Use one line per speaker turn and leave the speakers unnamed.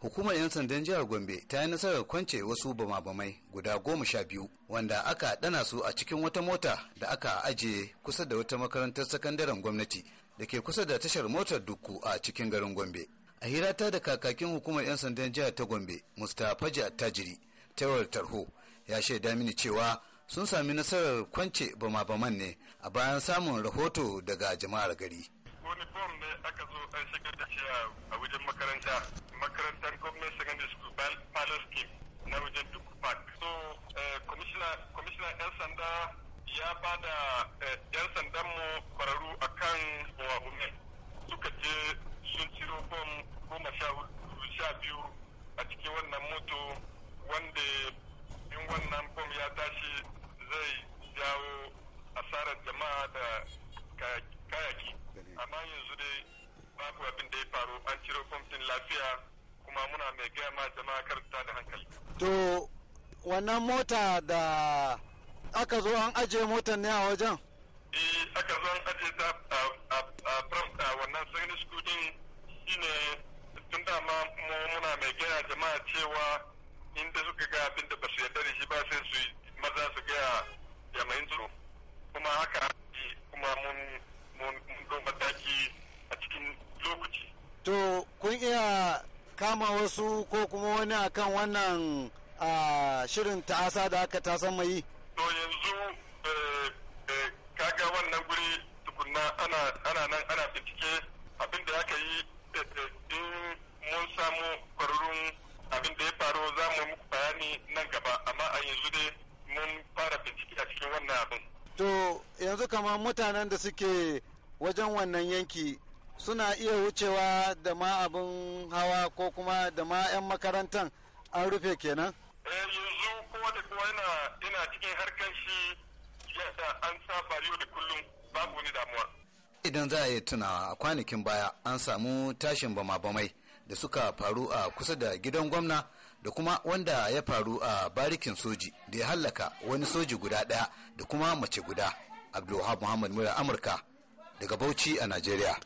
hukumar 'yan sandan jihar gombe ta yi nasarar kwance wasu bama-bamai guda goma sha biyu wanda aka dana su a cikin wata mota da aka ajiye kusa da wata makarantar sakandaren gwamnati da ke kusa da tashar motar dukku a cikin garin gombe a hirata da kakakin hukumar 'yan sandan jihar ta gombe mustapha Tajiri tawar tarho ya shaida mini cewa sun sami nasarar kwance bama-baman ne a bayan samun rahoto daga jama'ar gari wani bom ne aka zo an shigar da shi a wajen makaranta makarantar gwamnan secondary school palace king na wajen duk park so eh,
commissioner yan sanda ya ba da eh, yan sandan mu kwararru a kan wahume suka je sun ciro bom goma sha biyu a cikin wannan moto wanda in wannan bom ya tashi zai jawo asarar jama'a da kayaki amma yanzu dai babu abin da ya faru an ciro kwamfin lafiya kuma muna mai gaya ma jama'a karta da hankali.
To wannan mota da aka zo an ajiye motar ne a wajen? Eh aka zo an ajiye
ta a Bramta wannan sanyin skudin shi shine tun da ma muna mai gaya jama'a cewa inda suka ga abin da ba su yadda
lokaci. To kun iya kama wasu ko kuma wani akan wannan a shirin ta'asa da aka ta san mai?
To yanzu eh, eh, kaga wannan guri tukunna ana nan ana bincike abin da aka yi eh, in mun samu kwararrun abin da ya faru za mu muku bayani nan gaba amma a yanzu dai mun fara bincike a cikin
wannan abin. To yanzu kamar mutanen da suke wajen wannan yanki suna iya wucewa da ma abin hawa ko kuma da ma 'yan makarantan an rufe kenan? Eh, yanzu kowa da kowa yana cikin harkar shi yadda an saba yau da kullum babu wani damuwa.
Idan za a yi tuna kwanakin baya an samu tashin bama-bamai da suka faru a kusa da gidan gwamna da kuma wanda ya faru a barikin soji da ya hallaka wani soji guda ɗaya da kuma mace guda. Abdulwahab Muhammad Mura Amurka daga Bauchi a Najeriya.